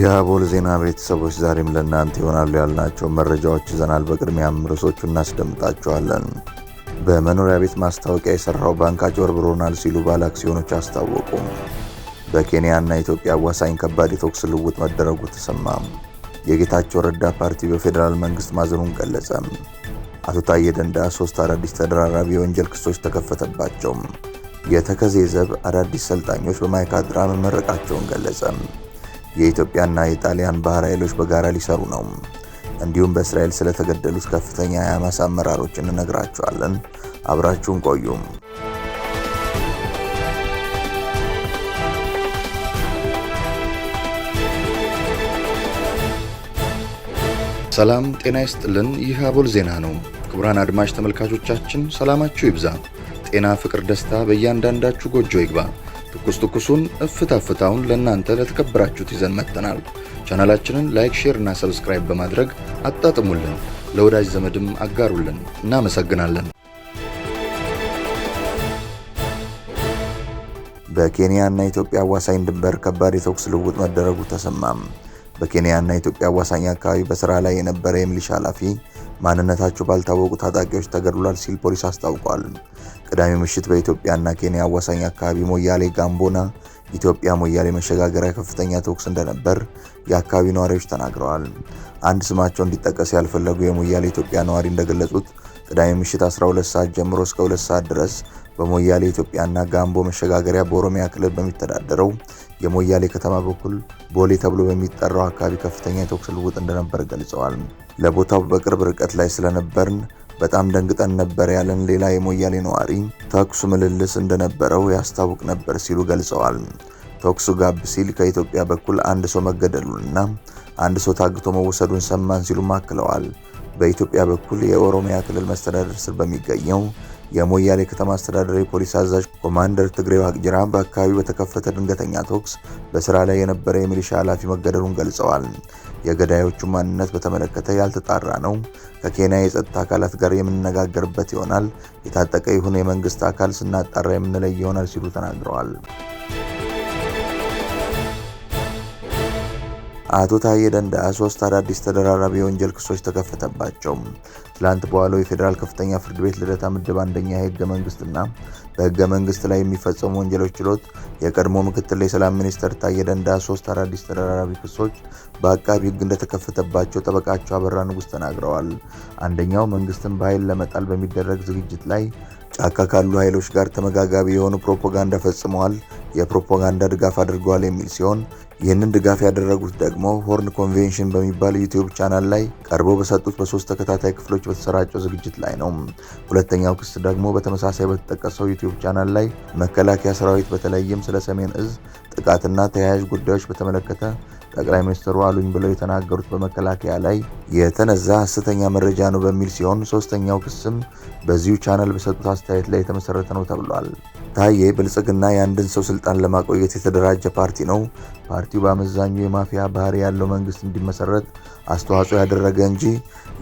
የአቦል ዜና ቤተሰቦች ዛሬም ለእናንተ ይሆናሉ ያልናቸው መረጃዎች ይዘናል። በቅድሚያም ርዕሶቹ እናስደምጣቸዋለን። በመኖሪያ ቤት ማስታወቂያ የሰራው ባንክ አጭበርብሮናል ሲሉ ባለ አክሲዮኖች አስታወቁ። በኬንያና ኢትዮጵያ አዋሳኝ ከባድ የተኩስ ልውውጥ መደረጉ ተሰማም። የጌታቸው ረዳ ፓርቲ በፌዴራል መንግስት ማዘኑን ገለጸም። አቶ ታዬ ደንዳ ሶስት አዳዲስ ተደራራቢ የወንጀል ክሶች ተከፈተባቸው። የተከዜ ዘብ አዳዲስ ሰልጣኞች በማይካድራ መመረቃቸውን ገለጸም። የኢትዮጵያና የጣሊያን ባህር ኃይሎች በጋራ ሊሰሩ ነው። እንዲሁም በእስራኤል ስለተገደሉት ከፍተኛ የሐማስ አመራሮች እንነግራችኋለን። አብራችሁን ቆዩም። ሰላም ጤና ይስጥልን። ይህ አቦል ዜና ነው። ክቡራን አድማጭ ተመልካቾቻችን ሰላማችሁ ይብዛ፣ ጤና፣ ፍቅር፣ ደስታ በእያንዳንዳችሁ ጎጆ ይግባ። ትኩስ ትኩሱን እፍታ ፍታውን ለእናንተ ለተከበራችሁት ይዘን መጥተናል። ቻናላችንን ላይክ፣ ሼር እና ሰብስክራይብ በማድረግ አጣጥሙልን፣ ለወዳጅ ዘመድም አጋሩልን። እናመሰግናለን። በኬንያና ኢትዮጵያ አዋሳኝ ድንበር ከባድ የተኩስ ልውውጥ መደረጉ ተሰማም። በኬንያና ኢትዮጵያ አዋሳኝ አካባቢ በስራ ላይ የነበረ የሚሊሻ ኃላፊ ማንነታቸው ባልታወቁ ታጣቂዎች ተገድሏል ሲል ፖሊስ አስታውቋል። ቅዳሜ ምሽት በኢትዮጵያና ኬንያ አዋሳኝ አካባቢ ሞያሌ ጋምቦና ኢትዮጵያ ሞያሌ መሸጋገሪያ ከፍተኛ ተኩስ እንደነበር የአካባቢው ነዋሪዎች ተናግረዋል። አንድ ስማቸው እንዲጠቀስ ያልፈለጉ የሞያሌ ኢትዮጵያ ነዋሪ እንደገለጹት ቅዳሜ ምሽት 12 ሰዓት ጀምሮ እስከ 2 ሰዓት ድረስ በሞያሌ ኢትዮጵያና ጋምቦ መሸጋገሪያ በኦሮሚያ ክልል በሚተዳደረው የሞያሌ ከተማ በኩል ቦሌ ተብሎ በሚጠራው አካባቢ ከፍተኛ የተኩስ ልውውጥ እንደነበር ገልጸዋል። ለቦታው በቅርብ ርቀት ላይ ስለነበርን በጣም ደንግጠን ነበር ያለን ሌላ የሞያሌ ነዋሪ ተኩሱ ምልልስ እንደነበረው ያስታውቅ ነበር ሲሉ ገልጸዋል። ተኩሱ ጋብ ሲል ከኢትዮጵያ በኩል አንድ ሰው መገደሉንና አንድ ሰው ታግቶ መወሰዱን ሰማን ሲሉም አክለዋል። በኢትዮጵያ በኩል የኦሮሚያ ክልል መስተዳደር ስር በሚገኘው የሞያሌ ከተማ አስተዳደር የፖሊስ አዛዥ ኮማንደር ትግሬ አቅጅራ በአካባቢው በተከፈተ ድንገተኛ ተኩስ በስራ ላይ የነበረ የሚሊሻ ኃላፊ መገደሉን ገልጸዋል። የገዳዮቹ ማንነት በተመለከተ ያልተጣራ ነው። ከኬንያ የጸጥታ አካላት ጋር የምንነጋገርበት ይሆናል። የታጠቀ ይሁን የመንግስት አካል ስናጣራ የምንለይ ይሆናል ሲሉ ተናግረዋል። አቶ ታዬ ደንደዓ ሶስት አዳዲስ ተደራራቢ የወንጀል ክሶች ተከፈተባቸው። ትላንት በዋለው የፌዴራል ከፍተኛ ፍርድ ቤት ልደታ ምድብ አንደኛ የህገ መንግስትና በህገ መንግስት ላይ የሚፈጸሙ ወንጀሎች ችሎት የቀድሞ ምክትል የሰላም ሚኒስትር ታዬ ደንደዓ ሶስት አዳዲስ ተደራራቢ ክሶች በአቃቢ ህግ እንደተከፈተባቸው ጠበቃቸው አበራ ንጉስ ተናግረዋል። አንደኛው መንግስትን በኃይል ለመጣል በሚደረግ ዝግጅት ላይ ጫካ ካሉ ኃይሎች ጋር ተመጋጋቢ የሆኑ ፕሮፓጋንዳ ፈጽመዋል፣ የፕሮፓጋንዳ ድጋፍ አድርገዋል የሚል ሲሆን ይህንን ድጋፍ ያደረጉት ደግሞ ሆርን ኮንቬንሽን በሚባል ዩቲዩብ ቻናል ላይ ቀርበው በሰጡት በሶስት ተከታታይ ክፍሎች በተሰራጨው ዝግጅት ላይ ነው። ሁለተኛው ክስ ደግሞ በተመሳሳይ በተጠቀሰው ዩቲዩብ ቻናል ላይ መከላከያ ሰራዊት በተለይም ስለ ሰሜን እዝ ጥቃትና ተያያዥ ጉዳዮች በተመለከተ ጠቅላይ ሚኒስትሩ አሉኝ ብለው የተናገሩት በመከላከያ ላይ የተነዛ ሐሰተኛ መረጃ ነው በሚል ሲሆን ሶስተኛው ክስም በዚሁ ቻናል በሰጡት አስተያየት ላይ የተመሰረተ ነው ተብሏል። ታዬ ብልጽግና የአንድን ሰው ስልጣን ለማቆየት የተደራጀ ፓርቲ ነው። ፓርቲው በአመዛኙ የማፊያ ባህሪ ያለው መንግስት እንዲመሰረት አስተዋጽኦ ያደረገ እንጂ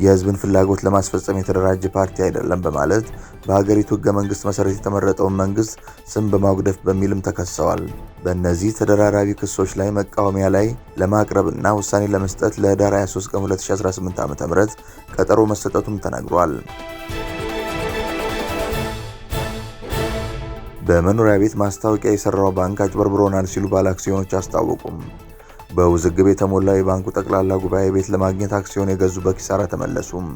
የህዝብን ፍላጎት ለማስፈጸም የተደራጀ ፓርቲ አይደለም በማለት በሀገሪቱ ህገ መንግስት መሰረት የተመረጠውን መንግስት ስም በማጉደፍ በሚልም ተከሰዋል። በእነዚህ ተደራራቢ ክሶች ላይ መቃወሚያ ላይ ለማቅረብና ውሳኔ ለመስጠት ለህዳር 23 ቀን 2018 ዓ ም ቀጠሮ መሰጠቱም ተነግሯል። በመኖሪያ ቤት ማስታወቂያ የሰራው ባንክ አጭበርብሮናል ሲሉ ባለ አክሲዮኖች አስታወቁም። በውዝግብ የተሞላው የባንኩ ጠቅላላ ጉባኤ ቤት ለማግኘት አክሲዮን የገዙ በኪሳራ ተመለሱም።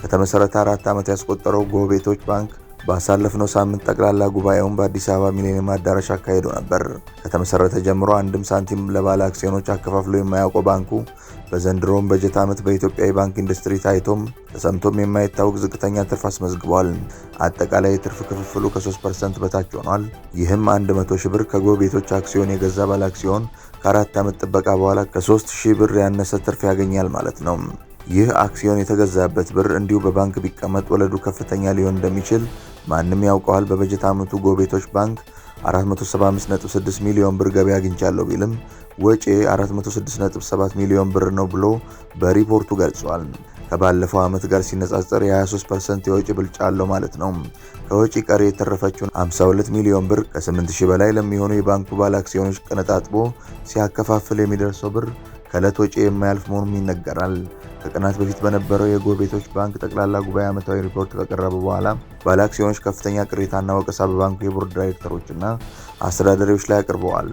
ከተመሰረተ አራት ዓመት ያስቆጠረው ጎህ ቤቶች ባንክ ባሳለፍነው ሳምንት ጠቅላላ ጉባኤውን በአዲስ አበባ ሚሌኒየም አዳራሽ አካሂዶ ነበር። ከተመሰረተ ጀምሮ አንድም ሳንቲም ለባለ አክሲዮኖች አከፋፍሎ የማያውቀው ባንኩ በዘንድሮም በጀት ዓመት በኢትዮጵያ የባንክ ኢንዱስትሪ ታይቶም ተሰምቶም የማይታወቅ ዝቅተኛ ትርፍ አስመዝግቧል። አጠቃላይ የትርፍ ክፍፍሉ ከ3 ፐርሰንት በታች ሆኗል። ይህም 100 ሺህ ብር ከጎ ቤቶች አክሲዮን የገዛ ባለ አክሲዮን ከአራት ዓመት ጥበቃ በኋላ ከ3 ሺህ ብር ያነሰ ትርፍ ያገኛል ማለት ነው። ይህ አክሲዮን የተገዛበት ብር እንዲሁ በባንክ ቢቀመጥ ወለዱ ከፍተኛ ሊሆን እንደሚችል ማንም ያውቀዋል። በበጀት ዓመቱ ጎቤቶች ባንክ 475.6 ሚሊዮን ብር ገቢ አግኝቻለሁ ቢልም ወጪ 467 ሚሊዮን ብር ነው ብሎ በሪፖርቱ ገልጿል። ከባለፈው ዓመት ጋር ሲነጻጸር የ23% የወጪ ብልጫ አለው ማለት ነው። ከወጪ ቀሪ የተረፈችውን 52 ሚሊዮን ብር ከ8000 በላይ ለሚሆኑ የባንኩ ባለ አክሲዮኖች ቀነጣጥቦ ሲያከፋፍል የሚደርሰው ብር ከዕለት ወጪ የማያልፍ መሆኑም ይነገራል። ከቀናት በፊት በነበረው ቤቶች ባንክ ጠቅላላ ጉባኤ ዓመታዊ ሪፖርት ከቀረበ በኋላ ባለ አክሲዮኖች ከፍተኛ ቅሬታና ወቀሳ በባንኩ የቦርድ ዳይሬክተሮችና አስተዳዳሪዎች ላይ አቅርበዋል።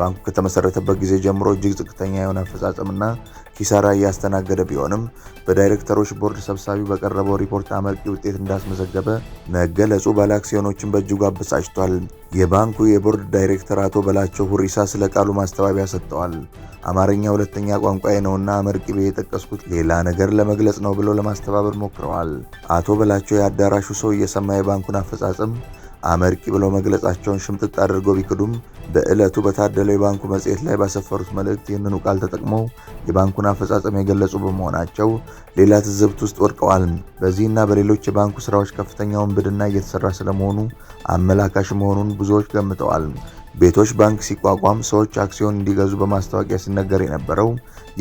ባንኩ ከተመሰረተበት ጊዜ ጀምሮ እጅግ ዝቅተኛ የሆነ አፈጻጸምና ኪሳራ እያስተናገደ ቢሆንም በዳይሬክተሮች ቦርድ ሰብሳቢ በቀረበው ሪፖርት አመርቂ ውጤት እንዳስመዘገበ መገለጹ ባለአክሲዮኖችን በእጅጉ አበሳጭቷል። የባንኩ የቦርድ ዳይሬክተር አቶ በላቸው ሁሪሳ ስለ ቃሉ ማስተባበያ ሰጥተዋል። አማርኛ ሁለተኛ ቋንቋዬ ነውና አመርቂ ብዬ የጠቀስኩት ሌላ ነገር ለመግለጽ ነው ብለው ለማስተባበር ሞክረዋል። አቶ በላቸው የአዳራሹ ሰው እየሰማ የባንኩን አፈጻጸም አመርቂ ብለው መግለጻቸውን ሽምጥጥ አድርገው ቢክዱም በዕለቱ በታደለው የባንኩ መጽሔት ላይ ባሰፈሩት መልእክት ይህንኑ ቃል ተጠቅመው የባንኩን አፈጻጸም የገለጹ በመሆናቸው ሌላ ትዝብት ውስጥ ወድቀዋል። በዚህና በሌሎች የባንኩ ስራዎች ከፍተኛ ውንብድና እየተሰራ ስለመሆኑ አመላካሽ መሆኑን ብዙዎች ገምተዋል። ቤቶች ባንክ ሲቋቋም ሰዎች አክሲዮን እንዲገዙ በማስታወቂያ ሲነገር የነበረው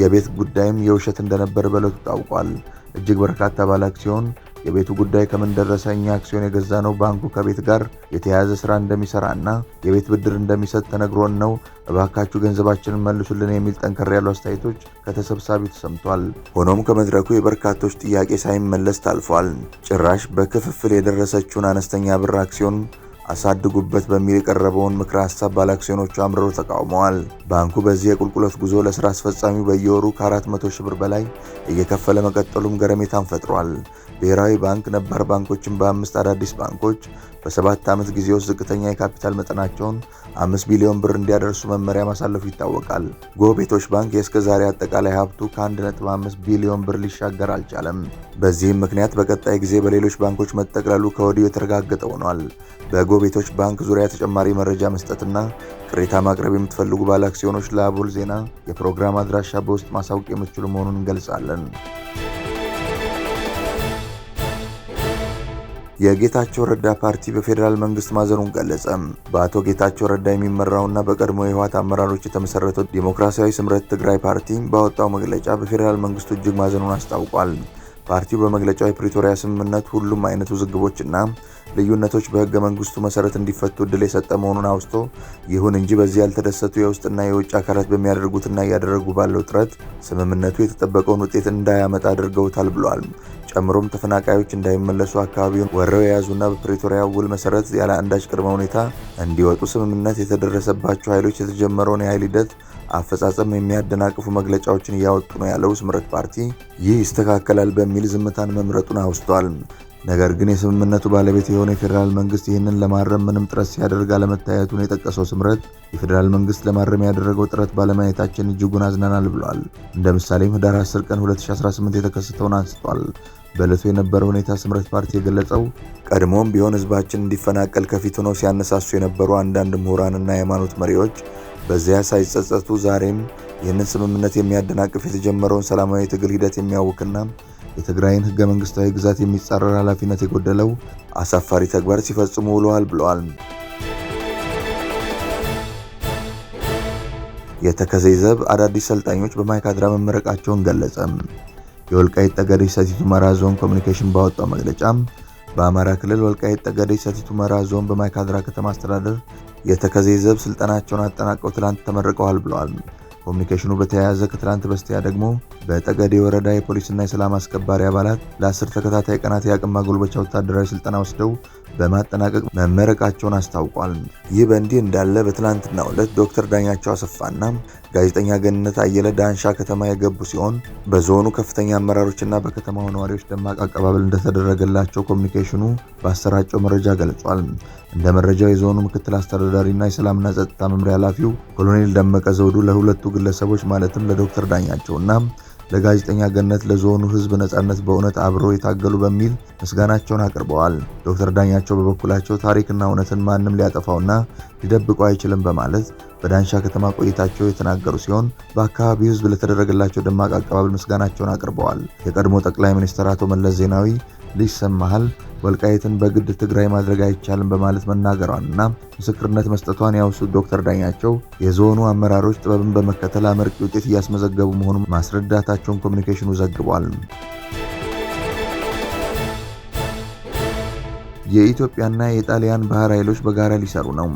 የቤት ጉዳይም የውሸት እንደነበር በዕለቱ ታውቋል። እጅግ በርካታ ባለ አክሲዮን የቤቱ ጉዳይ ከምን ደረሰ፣ እኛ አክሲዮን የገዛ ነው ባንኩ ከቤት ጋር የተያያዘ ስራ እንደሚሰራ እና የቤት ብድር እንደሚሰጥ ተነግሮን ነው፣ እባካችሁ ገንዘባችንን መልሱልን የሚል ጠንከር ያሉ አስተያየቶች ከተሰብሳቢው ተሰምቷል። ሆኖም ከመድረኩ የበርካቶች ጥያቄ ሳይመለስ ታልፏል። ጭራሽ በክፍፍል የደረሰችውን አነስተኛ ብር አክሲዮን አሳድጉበት በሚል የቀረበውን ምክረ ሀሳብ ባለአክሲዮኖቹ አምርረው ተቃውመዋል። ባንኩ በዚህ የቁልቁለት ጉዞ ለስራ አስፈጻሚው በየወሩ ከ400 ሺህ ብር በላይ እየከፈለ መቀጠሉም ገረሜታን ፈጥሯል። ብሔራዊ ባንክ ነባር ባንኮችን በአምስት አዳዲስ ባንኮች በሰባት ዓመት ጊዜ ውስጥ ዝቅተኛ የካፒታል መጠናቸውን አምስት ቢሊዮን ብር እንዲያደርሱ መመሪያ ማሳለፉ ይታወቃል። ጎ ቤቶች ባንክ የእስከ ዛሬ አጠቃላይ ሀብቱ ከ1.5 ቢሊዮን ብር ሊሻገር አልቻለም። በዚህም ምክንያት በቀጣይ ጊዜ በሌሎች ባንኮች መጠቅለሉ ከወዲሁ የተረጋገጠ ሆኗል። በጎ ቤቶች ባንክ ዙሪያ ተጨማሪ መረጃ መስጠትና ቅሬታ ማቅረብ የምትፈልጉ ባለ አክሲዮኖች ለአቦል ዜና የፕሮግራም አድራሻ በውስጥ ማሳወቅ የምትችሉ መሆኑን እንገልጻለን። የጌታቸው ረዳ ፓርቲ በፌዴራል መንግስት ማዘኑን ገለጸ። በአቶ ጌታቸው ረዳ የሚመራውና በቀድሞ የህወሓት አመራሮች የተመሰረተው ዴሞክራሲያዊ ስምረት ትግራይ ፓርቲ ባወጣው መግለጫ በፌዴራል መንግስቱ እጅግ ማዘኑን አስታውቋል። ፓርቲው በመግለጫው የፕሪቶሪያ ስምምነት ሁሉም አይነት ውዝግቦችና ልዩነቶች በህገ መንግስቱ መሰረት እንዲፈቱ እድል የሰጠ መሆኑን አውስቶ ይሁን እንጂ በዚህ ያልተደሰቱ የውስጥና የውጭ አካላት በሚያደርጉትና እያደረጉ ባለው ጥረት ስምምነቱ የተጠበቀውን ውጤት እንዳያመጣ አድርገውታል ብለዋል። ጨምሮም ተፈናቃዮች እንዳይመለሱ አካባቢውን ወረው የያዙና በፕሪቶሪያ ውል መሰረት ያለ አንዳች ቅድመ ሁኔታ እንዲወጡ ስምምነት የተደረሰባቸው ኃይሎች የተጀመረውን የኃይል ሂደት አፈጻጸም የሚያደናቅፉ መግለጫዎችን እያወጡ ነው ያለው ስምረት ፓርቲ ይህ ይስተካከላል በሚል ዝምታን መምረጡን አውስቷል። ነገር ግን የስምምነቱ ባለቤት የሆነ የፌዴራል መንግስት ይህንን ለማረም ምንም ጥረት ሲያደርግ አለመታየቱን የጠቀሰው ስምረት የፌዴራል መንግስት ለማረም ያደረገው ጥረት ባለማየታችን እጅጉን አዝነናል ብሏል። እንደ ምሳሌም ህዳር 10 ቀን 2018 የተከሰተውን አንስቷል። በዕለቱ የነበረ ሁኔታ ስምረት ፓርቲ የገለጸው ቀድሞም ቢሆን ህዝባችን እንዲፈናቀል ከፊት ሆነው ሲያነሳሱ የነበሩ አንዳንድ ምሁራንና የሃይማኖት መሪዎች በዚያ ሳይጸጸቱ ዛሬም ይህንን ስምምነት የሚያደናቅፍ የተጀመረውን ሰላማዊ የትግል ሂደት የሚያውክና የትግራይን ህገ መንግስታዊ ግዛት የሚጻረር ኃላፊነት የጎደለው አሳፋሪ ተግባር ሲፈጽሙ ውለዋል ብለዋል። የተከዜ ዘብ አዳዲስ ሰልጣኞች በማይካድራ መመረቃቸውን ገለጸ። የወልቃይት ጠገዴ ሰቲት ሁመራ ዞን ኮሚኒኬሽን ባወጣው መግለጫ በአማራ ክልል ወልቃይት ጠገዴ ሰቲት ሁመራ ዞን በማይካድራ ከተማ አስተዳደር የተከዜ ዘብ ስልጠናቸውን አጠናቀው ትላንት ተመርቀዋል ብለዋል። ኮሚኒኬሽኑ በተያያዘ ከትላንት በስቲያ ደግሞ በጠገዴ ወረዳ የፖሊስና የሰላም አስከባሪ አባላት ለአስር ተከታታይ ቀናት የአቅም ማጎልበቻ ወታደራዊ ስልጠና ወስደው በማጠናቀቅ መመረቃቸውን አስታውቋል። ይህ በእንዲህ እንዳለ በትላንትናው ዕለት ዶክተር ዳኛቸው አሰፋና ጋዜጠኛ ገነት አየለ ዳንሻ ከተማ የገቡ ሲሆን በዞኑ ከፍተኛ አመራሮችና በከተማው ነዋሪዎች ደማቅ አቀባበል እንደተደረገላቸው ኮሚኒኬሽኑ በአሰራጨው መረጃ ገልጿል። እንደ መረጃው የዞኑ ምክትል አስተዳዳሪና የሰላምና ጸጥታ መምሪያ ኃላፊው ኮሎኔል ደመቀ ዘውዱ ለሁለቱ ግለሰቦች ማለትም ለዶክተር ዳኛቸውና ለጋዜጠኛ ገነት ለዞኑ ህዝብ ነጻነት በእውነት አብረው የታገሉ በሚል ምስጋናቸውን አቅርበዋል። ዶክተር ዳኛቸው በበኩላቸው ታሪክና እውነትን ማንም ሊያጠፋውና ሊደብቁ አይችልም በማለት በዳንሻ ከተማ ቆይታቸው የተናገሩ ሲሆን በአካባቢው ህዝብ ለተደረገላቸው ደማቅ አቀባበል ምስጋናቸውን አቅርበዋል። የቀድሞ ጠቅላይ ሚኒስትር አቶ መለስ ዜናዊ ልጅ ሰማሃል ወልቃይትን በግድ ትግራይ ማድረግ አይቻልም በማለት መናገሯንና ምስክርነት መስጠቷን ያውሱት ዶክተር ዳኛቸው የዞኑ አመራሮች ጥበብን በመከተል አመርቂ ውጤት እያስመዘገቡ መሆኑን ማስረዳታቸውን ኮሚኒኬሽኑ ዘግቧል። የኢትዮጵያና የጣሊያን ባህር ኃይሎች በጋራ ሊሰሩ ነው።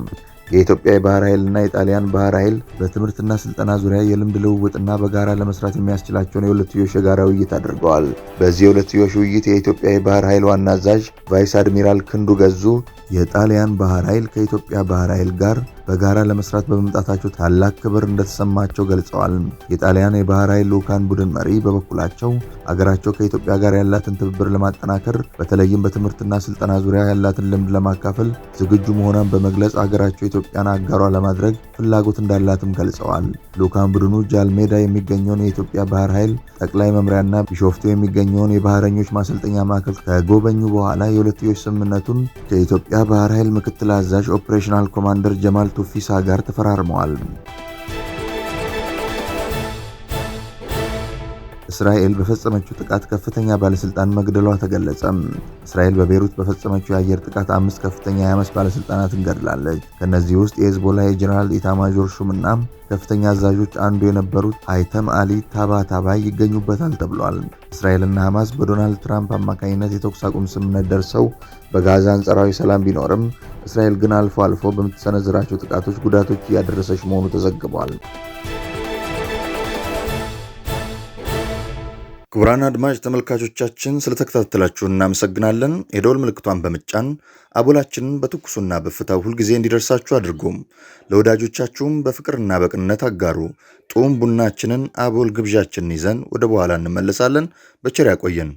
የኢትዮጵያ የባህር ኃይልና የጣሊያን ባህር ኃይል በትምህርትና ስልጠና ዙሪያ የልምድ ልውውጥና በጋራ ለመስራት የሚያስችላቸውን የሁለትዮሽ የጋራ ውይይት አድርገዋል። በዚህ የሁለትዮሽ ውይይት የኢትዮጵያ የባህር ኃይል ዋና አዛዥ ቫይስ አድሚራል ክንዱ ገዙ የጣሊያን ባህር ኃይል ከኢትዮጵያ ባህር ኃይል ጋር በጋራ ለመስራት በመምጣታቸው ታላቅ ክብር እንደተሰማቸው ገልጸዋል። የጣሊያን የባህር ኃይል ልዑካን ቡድን መሪ በበኩላቸው አገራቸው ከኢትዮጵያ ጋር ያላትን ትብብር ለማጠናከር በተለይም በትምህርትና ስልጠና ዙሪያ ያላትን ልምድ ለማካፈል ዝግጁ መሆኗን በመግለጽ አገራቸው ኢትዮጵያን አጋሯ ለማድረግ ፍላጎት እንዳላትም ገልጸዋል። ልዑካን ቡድኑ ጃልሜዳ የሚገኘውን የኢትዮጵያ ባህር ኃይል ጠቅላይ መምሪያና ቢሾፍቱ የሚገኘውን የባህረኞች ማሰልጠኛ ማዕከል ከጎበኙ በኋላ የሁለትዮሽ ስምምነቱን ከኢትዮጵያ ባህር ኃይል ምክትል አዛዥ ኦፕሬሽናል ኮማንደር ጀማል ቱፊሳ ጋር ተፈራርመዋል። እስራኤል በፈጸመችው ጥቃት ከፍተኛ ባለስልጣን መግደሏ ተገለጸም። እስራኤል በቤይሩት በፈጸመችው የአየር ጥቃት አምስት ከፍተኛ የሐማስ ባለስልጣናትን ገድላለች። ከእነዚህ ውስጥ የሄዝቦላ የጀነራል ኢታማዦር ሹምና ከፍተኛ አዛዦች አንዱ የነበሩት አይተም አሊ ታባታባይ ይገኙበታል ተብሏል። እስራኤልና ሐማስ በዶናልድ ትራምፕ አማካኝነት የተኩስ አቁም ስምምነት ደርሰው በጋዛ አንጻራዊ ሰላም ቢኖርም እስራኤል ግን አልፎ አልፎ በምትሰነዝራቸው ጥቃቶች ጉዳቶች እያደረሰች መሆኑ ተዘግቧል። ክቡራን አድማጭ ተመልካቾቻችን ስለተከታተላችሁ እናመሰግናለን። የደወል ምልክቷን በምጫን አቦላችንን በትኩሱና በፍታው ሁልጊዜ እንዲደርሳችሁ አድርጉም። ለወዳጆቻችሁም በፍቅርና በቅንነት አጋሩ። ጡም ቡናችንን አቦል ግብዣችንን ይዘን ወደ በኋላ እንመለሳለን። በቸር ያቆየን።